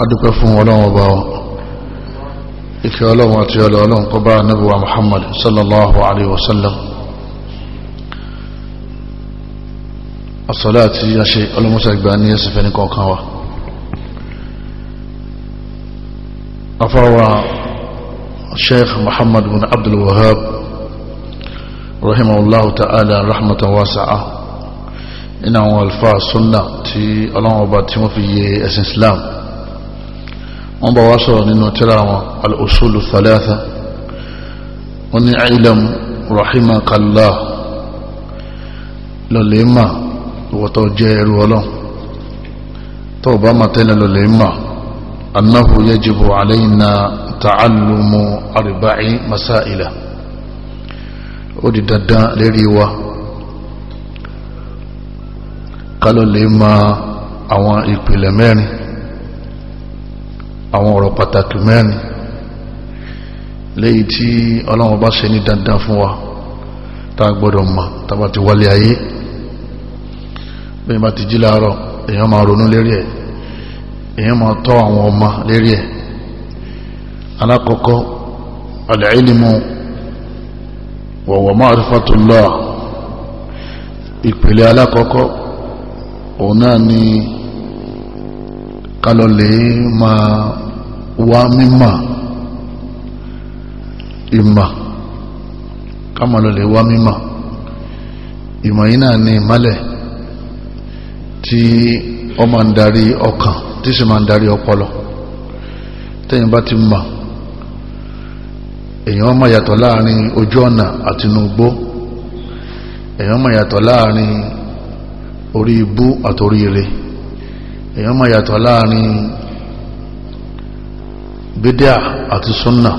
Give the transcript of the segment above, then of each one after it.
adúpẹ́ fún ọlọ́run ọba wa ìfẹ́ ọlọ́run àti ọlọ́run kó bá ànábì wa muhammad sallallahu alaihi wasallam asọ́lá àti aṣe ọlọ́mọsá ìgbà ní ẹsẹ̀ fẹ́ni kọ̀ọ̀kan wa afáwa sheikh muhammad bin abdul wahab rahimahullahu ta'ala rahmatan wasa'a ina àwọn alfa sunna ti ọlọ́run ọba tí wọ́n fi yẹ ẹ̀sìn islam wọ́n bá wá sọ̀rọ̀ nínú tírà wọn al-usulu thalatha wọ́n ní ilam rahimakallah lọ́lẹ̀ mà ìwọ̀tọ̀ jẹ́ ẹrù ọlọ́n tó bá ma tẹ́lẹ̀ lọ́lẹ̀ mà annahu yajibu alayna ta'allumu arba'i masaila ó di dandan lérí wa kálọ̀lẹ̀ àwọn ìpìlẹ̀ mẹ́rin àwọn ọ̀rọ̀ pàtàkì mẹ́rin léyìí tí ọlọ́run bá ṣe ní dandan fún wa tá a gbọ́dọ̀ mọ̀ tàbá ti wálé ayé bí bá ti jí láàárọ̀ èèyàn máa ronú lérí ẹ̀ èèyàn máa tọ́ àwọn ọmọ lérí ẹ̀ alákọ̀ọ́kọ́ al-ilmu wa huwa ma'rifatullah ìpìlẹ̀ alákọ̀ọ́kọ́ òun náà ni kálọ̀ máa wa mímọ̀ ìmọ̀ kámọ̀lọ́lẹ̀ wá mímọ̀ ìmọ̀ yìí náà ní ìmọ̀lẹ̀ tí ó máa ń darí ọkàn tí sì máa ń darí ọpọlọ tẹ́yìn bá ti mọ̀ èyàn máa yàtọ̀ láàrin ojú ọ̀nà àti inúgbó èyàn máa yàtọ̀ láàrin orí ibú àtorí ire èyàn máa yàtọ̀ láàrin bídíà àti súnà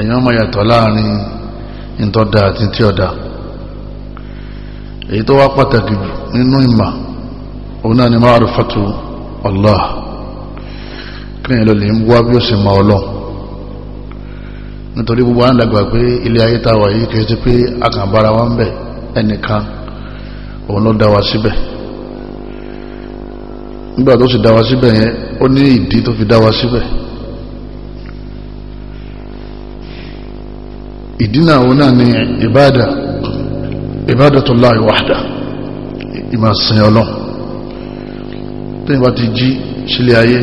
èyàn máa yàtọ̀ láàrin ìtọ́dá àti tí èyí tó wá pàtàkì nínú ìmà òun náà ni Allah kíyàn lè ń wá bí ó sì máa ọlọ nítorí gbogbo àndàgbà pé ilé ayé wà yìí kìí pé wa bẹ ẹnìkan òun ló dá wa nígbà tó sì dá wa ìdínà òun náà ni ìbádà ìbádàtullahi wahda ìmọ̀sìn ọlọ́run tí wọ́n ti jí sílé ayé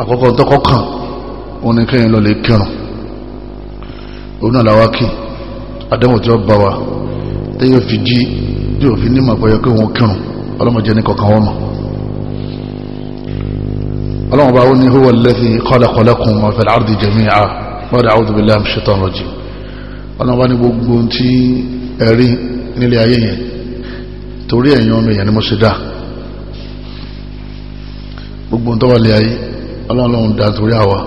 àkọ́kọ́ tọ́kọ́ kàn òun ni kẹ́yìn lọlẹ̀ kírun òun náà làwá kí àdẹ́wò tí ó bá wa tí yóò fi jí tí yóò fi nímọ̀ pẹ̀yẹ kí wọ́n kírun ọlọ́mọdé ní kọ̀kan wọ́n mọ̀ ọlọ́mọba ó ní huwa alladhi khalaqa lakum ma fil bàdà àwùjọ bíi láàmù ṣètò ọ̀rọ̀ jù ní gbogbo tí ẹ̀rí nílé ayé yẹn torí ẹ̀yin ọmọ èèyàn ni mo ṣe dá gbogbo tó wà lé ayé ọlọ́run dá torí àwa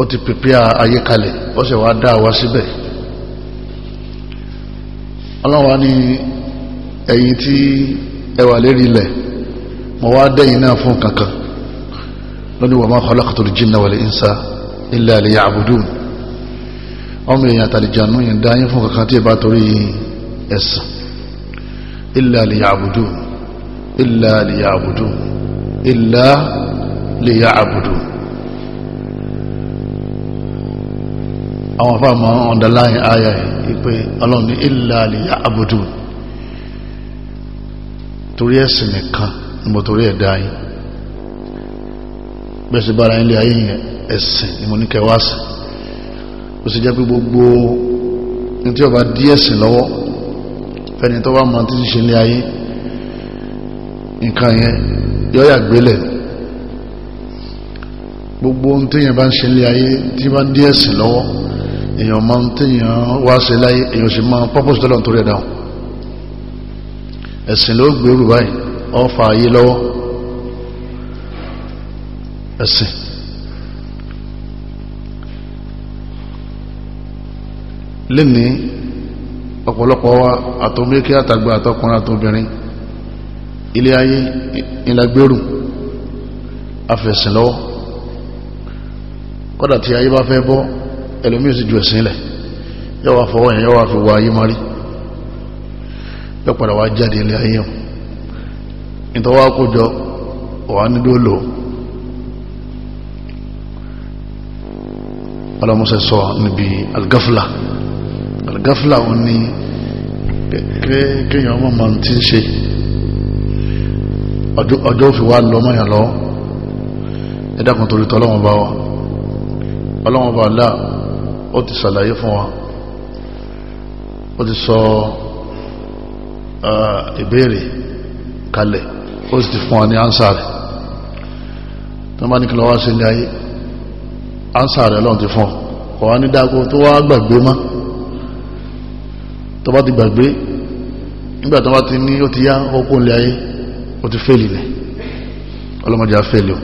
ó ti pèpè ayé kalẹ̀ ó sì wá dá àwa síbẹ̀ ọlọ́run wá ní tí ẹ wà lérí ilẹ̀ mo wá dẹ́yìn náà fún kankan lónìí máa illa liya'budun ọmọ èèyàn àtàlìjànú yìí dáyé fún kankan tí ìbá torí ẹ̀sìn illa liya'budun illa liya'budun illa liya'budun àwọn afáàmọ́ underline aya yìí pé ọlọ́run ní illa liya'budun torí ẹ̀sìn nìkan níbo torí ẹ̀dá bẹ́ẹ̀ sì bára ilé ayé yẹn ẹ̀sìn ni mo ní kẹwàá sí ó sì jẹ́ pé gbogbo ní tí ọba dí ẹ̀sìn lọ́wọ́ fẹ́ni tó bá máa títí ṣe ní ayé nǹkan yẹn yọ́ yà gbélẹ̀ gbogbo ohun téèyàn bá ń ṣe ní ayé tí bá dí ẹ̀sìn lọ́wọ́ èèyàn máa ń téèyàn wá ṣe láyé èèyàn sì máa pọ́pọ́sì tọ́lọ̀ nítorí ẹ̀dá ẹ̀sìn ló gbèrú báyìí ó fa ayé lọ́wọ́ ẹ̀sìn lẹ́ni ọ̀pọ̀lọpọ̀ wa àtọ́mẹ́kẹ́ àtàgbà àtọkùnrin àtọbìnrin ilé ayé ìlàgbérù afẹ̀sìnlọ́wọ́ kọ́dà tí ayé bá fẹ́ bọ́ ẹlòmíì sì ju ẹ̀sìn ilẹ̀ yóò wá fọwọ́ yẹn yóò wá fi wá ayé mọ́rí yóò padà wá jáde ilé ayé hàn ìtọ́wá kójọ wà nílò lò ọlọ́mọsẹ̀ sọ níbi al gafla òun ni kéèyàn ọmọ mọ̀ tí ń ṣe ọjọ́ fi wá lọ mọ́yàn lọ ẹ̀dàkùn torí tọ́ ọlọ́wọ́n bá wa ọlọ́wọ́n bá lá ó ti sàlàyé fún wa ó ti sọ ìbéèrè kalẹ̀ ó sì ti fún wa ní ánsà rẹ̀ tó bá ní kí lọ sí ilé ayé ánsà rẹ̀ lọ́n ti fún ọ kọ̀ ní dáko tó wá gbàgbé mọ́ tó bá ti gbàgbé nígbà tó bá ti ní ó ti yá ọkùn ilé ayé ó ti fẹ́lì rẹ̀ ọlọ́mọdé afẹ́lì o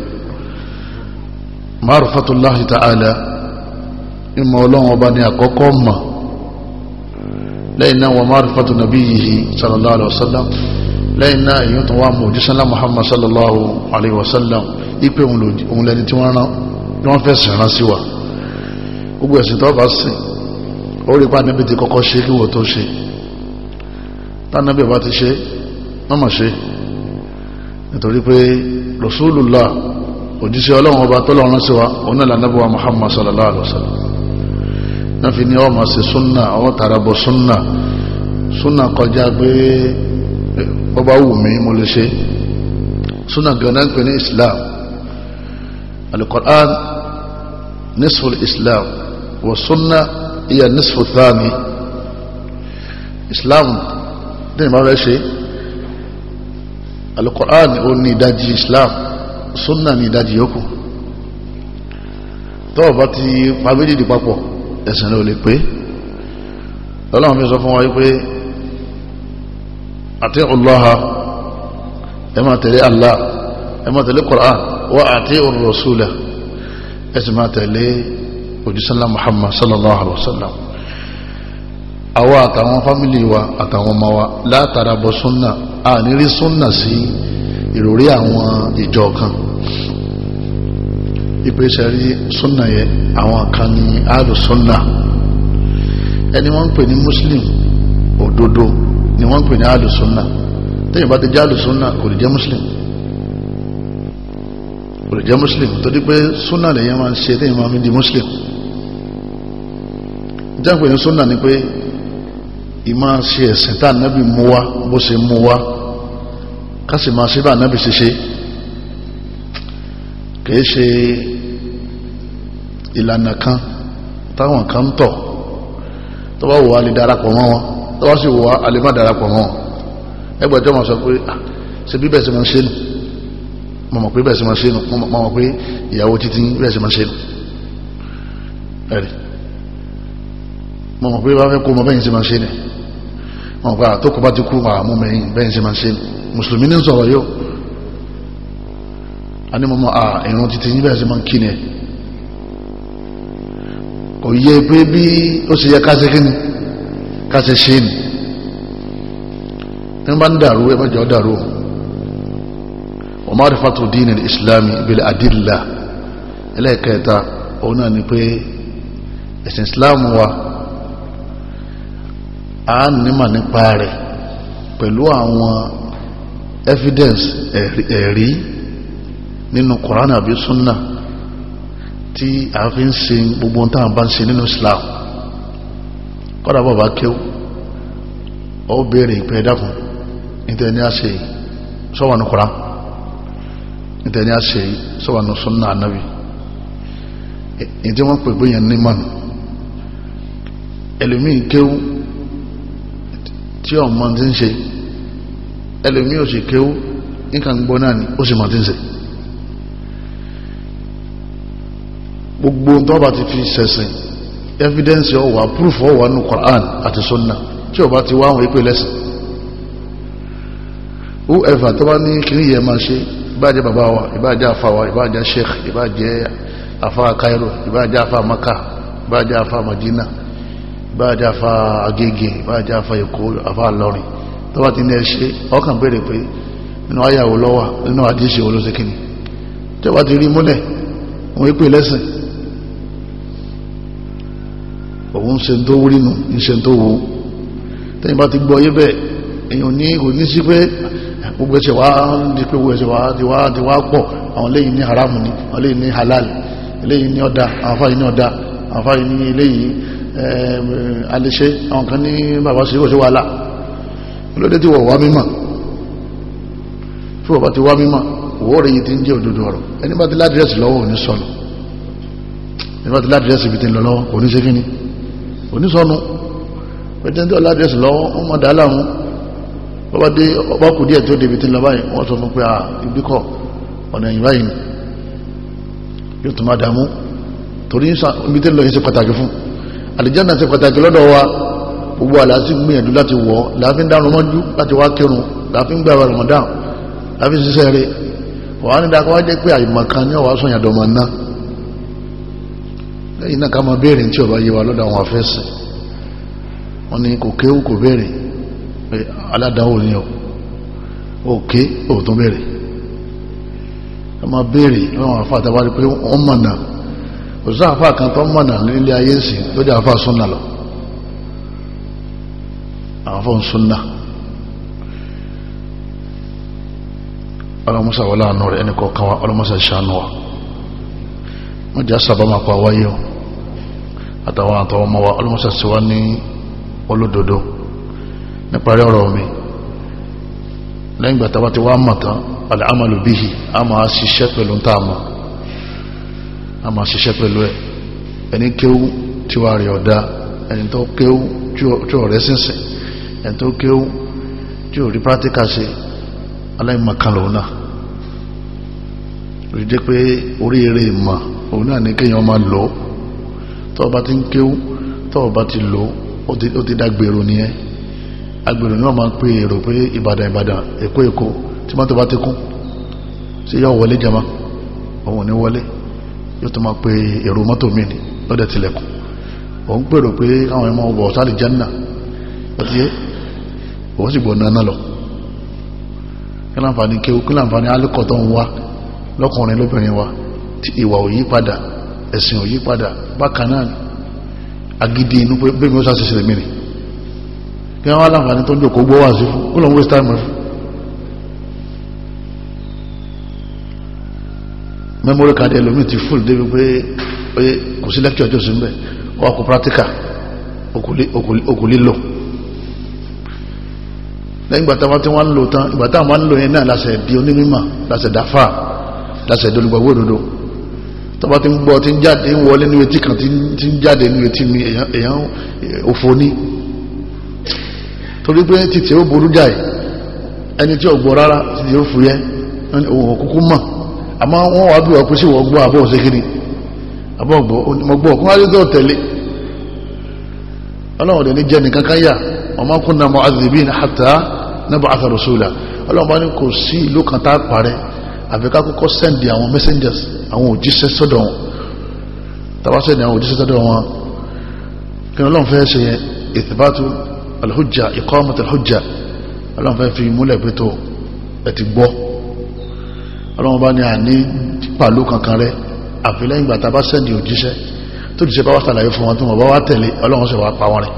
ma'rifatullahi ta'ala ìmọ̀ ọlọ́run ọba ni àkọ́kọ́ mọ̀ lẹ́yìn náà wọ́n ma'rifatu nabiyyihi sallallahu alaihi wasallam lẹ́yìn náà èyí tó wà mọ̀ òjísánlá muhammad orí pa níbi ti kọ́kọ́ ṣe kí wọ́n tó ṣe tánàbí ọba ti ṣe mọ́mọ̀ ṣe nítorí pé Rasulullah òjíṣẹ́ ọlọ́run ọba tọ́lọ́run sí wa òun náà lànàbọ̀ Muhammad sallallahu alaihi wasallam náà fi ní ọ máa ṣe súnà ọ tààrà bọ̀ súnà súnà kọjá pé ọba wù mí mo lè ṣe súnà gánà ń pè ní Islam al-Qur'an Islam wa súnà iye nisfu thani islam dín ìmọ̀ rẹ̀ ṣe alukur'an ó ní ìdajì islam sunna ní ìdajì yòókù tọ́wọ́ bá ti pa méjìdì papọ̀ ẹ̀sìn rẹ̀ ò lè pé ọlọ́run fi sọ fún wa wípé àti ọlọ́ha ẹ máa tẹ̀lé Allah ẹ máa tẹ̀lé Qur'an wa àti rasula ẹ sì máa tẹ̀lé òjísọ́lá muhammad sallallahu alaihi wasallam àwa àtàwọn fámìlì wa àtàwọn ọmọ wa látara bọ súnà a nírí súnà sí ìròrí àwọn ìjọ kan ìpèsè rí súnà yẹn àwọn kan ní àlù súnà ẹni wọ́n ń pè ní muslim òdodo ni wọ́n ń pè ní àlù súnà tẹ́yìn bá ti jẹ́ àlù súnà kò lè jẹ́ muslim kò lè jẹ́ muslim torí pé súnà lèyìn máa ń ṣe tẹ́yìn máa ń di muslim ìjáǹpẹ̀ ní súnà ni pé ìmá ṣe ẹ̀sìn tá ànábì mú wá bó ṣe mú wá ká sì máa ṣe bá ànábì ṣe ṣe kìí ṣe ìlànà kan táwọn kan ń tọ̀ tó bá wò wá lè darapọ̀ mọ́ wọn tó bá sì wò wá a lè má darapọ̀ mọ́ wọn ẹgbẹ́ tó máa sọ pé ah, ṣe bí bẹ́ẹ̀ sì máa ṣe nù mo mọ̀ pé bẹ́ẹ̀ sì máa ṣe nù mo mọ̀ pé ìyàwó títí bẹ́ẹ̀ sì máa ṣe nù ẹ̀rì mo mọ̀ pé bá fẹ́ kó mọ bẹ́yìn sí máa ṣe ni wọn gba àtọkọ bá ti kú àmú mẹ́yìn bẹ́yìn sí máa ṣe ni mùsùlùmí ní sọ̀rọ̀ yóò a ní mo mọ à ìrún títí yín bẹ́ẹ̀ sí máa ń kí ni ẹ kò yẹ pé bí ó ṣe yẹ káṣe kí ni káṣe ṣe ni ní bá ń dàrú ẹ mẹ́jọ dàrú wa ma'rifatu din al-islam bil adilla ẹlẹ́ẹ̀kẹta òun náà ni pé ẹ̀sìn islam wa. a nímọ̀ nípa rẹ̀ pẹ̀lú àwọn evidence ẹ̀rí nínú Quran àbí sunna tí a fi ń ṣe gbogbo ohun táwọn bá ń ṣe nínú Islam kọ́dà bàbá kéw ọ béèrè ìpè ẹ̀dàkùn ìtẹ̀ni se sọ́wọ́nù koran ìtẹ̀ni àṣẹ sọ́wọ́nù sunna anabi ìtẹ̀ wọ́n pè gbé ní mọ́nù kéw tí ọmọ ti ń ṣe ẹlòmí ò sì kéwú nǹkan gbọ́ náà ni ó sì mọ̀ ti ń ṣe gbogbo tó bá ti fi ṣẹ̀sìn evidence ọwà proof ọwà nù Quran àti sunna tí ọba ti wá àwọn ìpè lẹ́sìn whoever tó bá ní kìí yẹ máa ṣe ìbájẹ́ bàbá wa ìbájẹ́ afa wa ìbájẹ́ sheikh ìbájẹ́ afa Cairo ìbájẹ́ afa Maka ìbájẹ́ afa Madina bá a já fa agége bá a já fa èkó àfa àlọrin tó bá ti ní ẹṣẹ́ ọkàn béèrè pé nínú ayàwó lọ́wà nínú àdíṣe olóṣèkìní tó bá ti rí múlẹ̀ wọ́n pè lẹ́sìn òun ṣe tó wú nínú ṣe tó wú tẹ́yìn bá ti gbọ́ yé bẹ́ẹ̀ èyàn ní kò ní sí pé gbogbo ẹsẹ̀ wá ń di pé gbogbo ẹsẹ̀ wá ti wá ti wá pọ̀ àwọn lẹ́yìn ní haramu ni àwọn lẹ́yìn ní halal lẹ́yìn ní ọ̀dà àwọn fáyìn ní ọ̀dà àwọn fáyìn ní lẹ́yìn Eh, alẹ́ṣẹ́ àwọn kan ní bàbá sí òṣèwà alá olóde tí wọ̀ wá mímọ̀ tí wọ̀ bá ti wá mímọ̀ wọ́ rẹ̀ yìí ti ń jẹ́ òdodo ọ̀rọ̀ ẹni bá ti ládírẹ́sì lọ́wọ́ òní sọnù ẹni bá ti ládírẹ́sì ibi ti ń lọ lọ́wọ́ kò ní ṣe kíni òní lọ́wọ́ àlìjáná ṣe pàtàkì lọ́dọ̀ wa gbogbo àlàásì gbìyànjú láti wọ̀ ọ́ láàfin dárun mọ́jú láti wá kírun láàfin gbà Ramadan láàfin ṣiṣẹ́ rẹ̀ wàá ní dákọ́ wá jẹ́ pé àìmọ̀kan ní ọ̀wá sọ̀yàn dọ̀mọ̀ ná lẹ́yìn náà ká máa béèrè tí ọba yé wa lọ́dọ̀ àwọn afẹ́sẹ̀ wọn ni kò kéwù kò béèrè aládàáwò ni ọ òkè òtún béèrè ká máa béèrè lọ́wọ́ àfáà tábàlì pé wọ́n mọ̀ náà kò sí àfa kan tó mọ̀nà nílé ayé ń sìn tó jẹ́ àfa súnà lọ àfa ń súnà ọlọ́mọsà wọlé àánú rẹ̀ ẹnì kọ̀ọ̀kan wa ọlọ́mọsà ṣàánú wa wọ́n jẹ́ sábà máa pa wáyé o àtàwọn àtàwọn ọmọ wa ọlọ́mọsà sí wa ní olódodo níparí ọ̀rọ̀ mi lẹ́yìn gbàtàbà tí wọ́n á mọ̀ tán alẹ́ àmàlù bíhì a ṣiṣẹ́ pẹ̀lú ń tààmù a máa ṣiṣẹ́ pẹ̀lú ẹ̀ ẹni kéwú tí wàá rí ọ̀dá ẹni tó kéwú tí ọ̀rẹ́ sínsìn ẹni tó kéwú tí ò rí pátíkà ṣe aláìmọ̀kan lòun náà rí jẹ́ pé oríire ìmọ̀ òun náà ní kéèyàn máa lò ó tó bá ti ń kéwú tó bá ti lò ó ó ti dágbèrò nìyẹn agbèrò náà máa ń pè èrò pé Ìbàdàn Ìbàdàn Èkó Èkó tí mọ́tò bá ti kún sí yọ wọlé jama òun ní wọlé yóò tó máa pe èrò mọ́tò mi ni lọ́dẹ̀ tilẹ̀kùn òun pèrò pé àwọn ẹmọ ọbọ̀ sáàlì jẹ́nà ọtí yé òun sì gbọ̀nà náà lọ kí láǹfààní kéwú kí láǹfààní alẹ́kọ̀ọ́ tó ń wá lọ́kùnrin lóbìnrin wa tí ìwà ò yí padà ẹ̀sìn ò yí padà bákan náà agídí inú pé bẹ́ẹ̀ mi ó sá mi ni kí wọ́n láǹfààní tó ń jòkó gbọ́ wá sí fún kó lóun waste time memory card ẹlòmí ti full débi pé oye kò sí lecture ọjọ́ sí ń bẹ̀ wọ́n kò practical òkú lílò lẹ́yìn ìgbà táwọn tí wọ́n ń lò tán ìgbà táwọn ń lò yẹn náà láṣẹ di onímọ̀ láṣẹ dáfà láṣẹ ìdólúgbàwó òdodo tọ́ba ti ń gbọ́ ti ń jáde ń wọlé ní etí kan ti ń jáde ní etí mi èèyàn òfò ní torí pé títí ó burú jáì ẹni tí ò gbọ́ rárá títí ó fúyẹ́ òun òkúkú mọ̀ àmọ́ wọ́n wá bí wọ́n pèsè wọ́n gbọ́n àbọ̀ òṣèkiri àbọ̀ ọgbọ́n kún wáyé tó tẹ̀lé ọlọ́run dẹ̀ ní jẹ́ nìkan kan yà ọmọ kún náà mọ azìbí ní hàtà náà bá àtàrọ̀ sólà ọlọ́run bá ní kò sí ìlú kan tá a parẹ́ àfi ká kọ́kọ́ sẹ́ndì àwọn messengers àwọn òjíṣẹ́ sọ́dọ̀ wọn tàbá sẹ́ndì àwọn òjíṣẹ́ sọ́dọ̀ wọn kí ọlọ́run fẹ́ ṣe ìtìbátú alhujja ìkọ́mọ̀tàlhujja ọlọ́run fẹ́ fi múlẹ̀ pẹ́tọ́ ẹ̀ ti gbọ́ ọlọ́run bá ní àní pàlú kankan rẹ àfi lẹ́yìn ìgbà tá a bá sẹ́ndì òjíṣẹ́ tó ti ṣe bá wà sàlàyé fún wọn tó wọn bá wà tẹ̀lé ọlọ́run sì wà pa wọn rẹ̀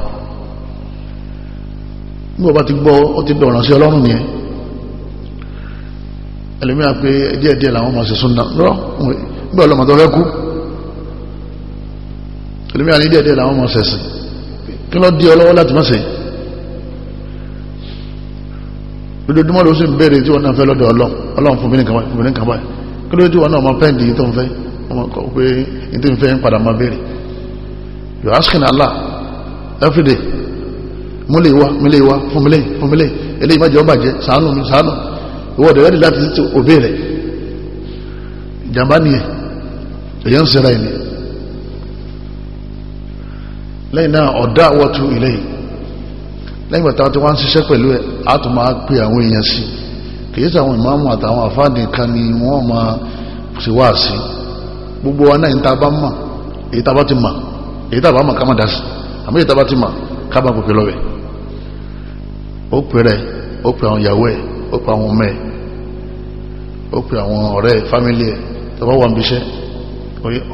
bí wọ́n bá ti gbọ́ ó ti dọ̀ràn sí ọlọ́run nìyẹn ẹlòmíràn pé díẹ̀ díẹ̀ làwọn máa ṣe súnà nígbà ọlọ́mọ tó fẹ́ kú ẹlòmíràn ní díẹ̀ díẹ̀ làwọn máa ṣẹ̀sìn kí ló dí ọlọ́wọ́ láti má ṣe lójoojúmọ́ ló sì ń béèrè tí wọ́n náà fẹ́ lọ́dọ̀ ọlọ́run fún wọ́n náà asking Allah every day múlẹ̀ wá múlẹ̀ wá fún mílẹ̀ fún mílẹ̀ eléyìí májọ bàjẹ́ sàánù mi sàánù ìwọ́ ọ̀dẹ̀ rẹ́dì láti ti òbí rẹ̀ ìjàmbá nìyẹn èyàn ń sera ẹni lẹ́yìn náà ọ̀dá àwọ̀tú ilé yìí lẹ́yìn tí wọ́n ṣiṣẹ́ pẹ̀lú ẹ̀ á tún máa pe àwọn èèyàn sí kìí sàwọn ìmáàmù àtàwọn àfáàdì kan ni wọ́n máa ṣe wá sí gbogbo wa náà ìta bá mọ̀ èyí tá bá ti mọ̀ èyí tá bá mọ̀ ká má dá sí àmì èyí tá bá ti mọ̀ ká má lọ́wẹ̀ ó pè rẹ̀ ó pè àwọn ìyàwó ẹ̀ ó pè àwọn ọmọ ẹ̀ ó pè àwọn ọ̀rẹ́ fámìlì ẹ̀ tó wà ń bíṣẹ́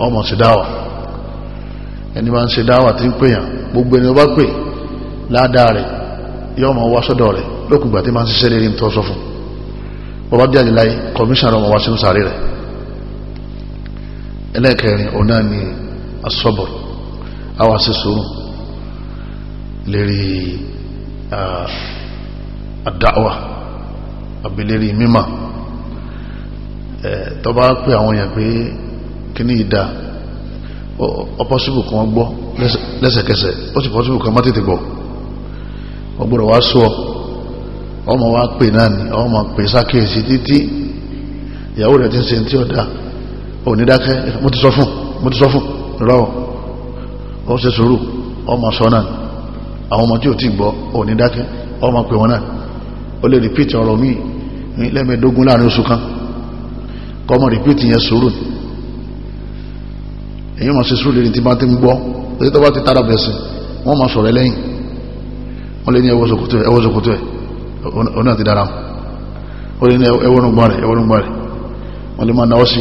ọmọ ṣe dáwà ẹni yọ ọmọ wá sọ́dọ̀ rẹ̀ lókùngbà tí máa ń ṣiṣẹ́ lérí tó sọ fún bọ́bá jáde láyé kọmíṣánná ọmọ wá sínú sàárè rẹ̀ ẹlẹ́ẹ̀kẹrin ọ̀nà ni asọ́bọ̀ àwa ṣe sùúrù lérí àdáwà àbí lérí mímọ̀ tó bá pé àwọn èèyàn pé kíní ìdá ọ pọ́sibù kan gbọ́ lẹ́sẹ̀kẹsẹ̀ ó sì pọ́sibù kan má tètè gbọ́ ọgbọ́dọ̀ wá sọ ọmọ wa pè náà ni ọmọ pè sákèsí títí ìyàwó rẹ̀ ti ń ṣe tí ó dá onídákẹ́ mo ti sọ fún mo ti sọ fún lọ́wọ́ ó ṣe sùúrù ọmọ sọ náà àwọn ọmọ tí ò ti gbọ́ onídákẹ́ ọmọ pè wọn náà ó lè rìpíìtì ọ̀rọ̀ míì ní lẹ́mẹ̀ẹ́dógún láàrin oṣù kan kọmọ rìpíìtì yẹn sùúrù èyí ma ṣe sùúrù lórí tí bá ti ń gbọ́ wọ́n ma sọ̀rọ̀ lẹ́yìn wọ́n lè ní ẹwọ́ sòkòtò ẹwọ́ sòkòtò ẹ̀ oní àti dára wọ́n lè ní ẹwọ́ nùgbà rẹ̀ ẹwọ́ nùgbà rẹ̀ wọ́n lè máa náwọ́ sí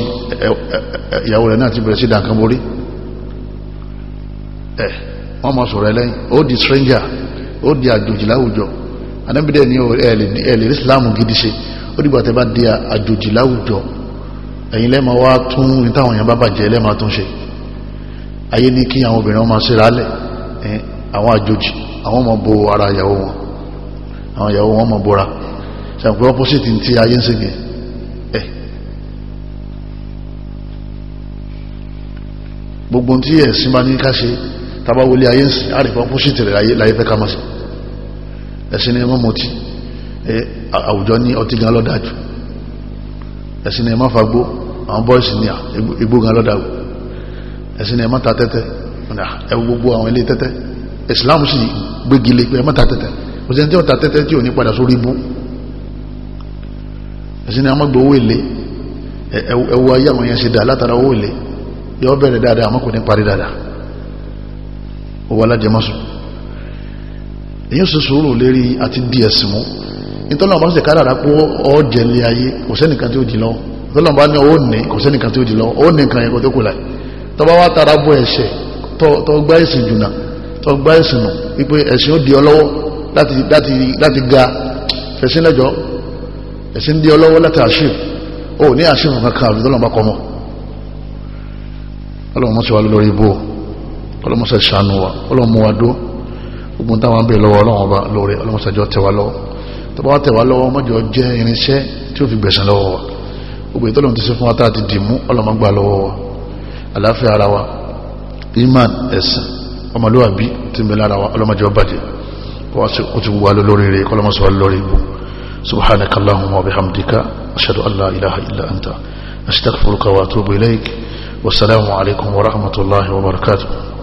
ìyàwó rẹ̀ náà ti bẹ̀rẹ̀ sí dànkan borí ẹ̀ wọ́n máa sọ̀rọ̀ ẹlẹ́yìn ó di stranger ó di àjòjì láwùjọ anábìdẹ̀ ní ẹ̀lẹ̀ Islam gidi ṣe ó dìgbà tẹ́ bá di àjòjì láwùjọ ẹ̀yin lẹ́ẹ̀ma wá tún ní táwọn èèyàn bá bàjẹ́ lẹ́ẹ̀ma tún ṣe ayé ní kí àwọn obìnrin wọn máa ṣe rálẹ̀ àwọn àjòjì àwọn ọmọ bo ara ìyàwó wọn àwọn ìyàwó wọn mọ̀ bora ṣàpẹ opposite ti ayé ń yẹn ẹ gbogbo tí ẹ̀sìn bá ní ká tàbá wọlé ayé ń sìn àrífà opposite rẹ̀ láyé fẹ́ ká mọ̀ ẹ̀sìn ni ẹmọ́ mọ̀tí àwùjọ ní ọtí gan lọ́dájú ẹ̀sìn ni ẹmọ́ fagbó àwọn bọ́ìsì ní ah, igbó gan lọ́dájú ẹ̀sìn ni ẹmọ́ ah, gbogbo àwọn ilé tẹ́tẹ́ Islam sì gbégilé pé ẹ má ta tẹ́tẹ́ kò sí ẹni tí ó ta tẹ́tẹ́ tí ò ní padà sórí bú ẹ̀sìn ni a má gbowó èlé ẹwọ ayé àwọn yẹn ṣe dà látara owó èlé yọ bẹ̀rẹ̀ dáadáa àmọ́ kò ní parí dáadáa owó alájẹmọ́sù èyí sì sùúrù lérí àti di ẹ̀sìn mú nítọ́lọ́wọ́n bá sì kádàrá pé ọ́ jẹ̀lé ayé kò sẹ́nìkan tí ó di lọ́wọ́ tọ́lọ́wọ́n bá ní owó ní kò sẹ́nìkan tí ó di lọ́wọ́ ó ní nǹkan yẹn kó tó kù láì tọ́ba wá tara bọ́ ẹ̀ṣẹ̀ tọ́ gbá ẹ̀sìn jùnà tó gbá ẹ̀sìn nù wípé ẹ̀sìn ó di ọ lọ́wọ́ láti láti láti ga fẹ̀sìn lẹ́jọ́ ẹ̀sìn di ọ lọ́wọ́ láti àṣìf ó ní àṣìf kankan àbí tọ́lọ́mọ kọ́ mọ́ ọlọ́mọ sọ wà lórí ibò ọlọ́mọ sọ ìṣàánú wa ọlọ́mọ wa dó gbogbo táwọn ń bè lọ́wọ́ ọlọ́wọ́n bá lórí ọlọ́mọ sọ ìjọ tẹwa lọ́wọ́ tó bá tẹwa lọ́wọ́ mọ́jọ jẹ́ irinṣẹ́ tí ó fi gbẹ̀sán lọ́wọ́ wa gbogbo ìtọ́lọ́mọ ti ṣe fún wa tá a ti dì mú ọlọ́mọ gbà lọ́wọ́ wa àláfíà ara wa iman ẹ̀sìn ọmọlúwàbí tí ń bẹ lára wa ọlọ́mọdé ọba jẹ kó ti wà lórí rẹ kọlọmọsọ wà lórí ibù subhanaka allahumma wa bihamdika ashhadu an la wa rahmatullahi wa barakatuh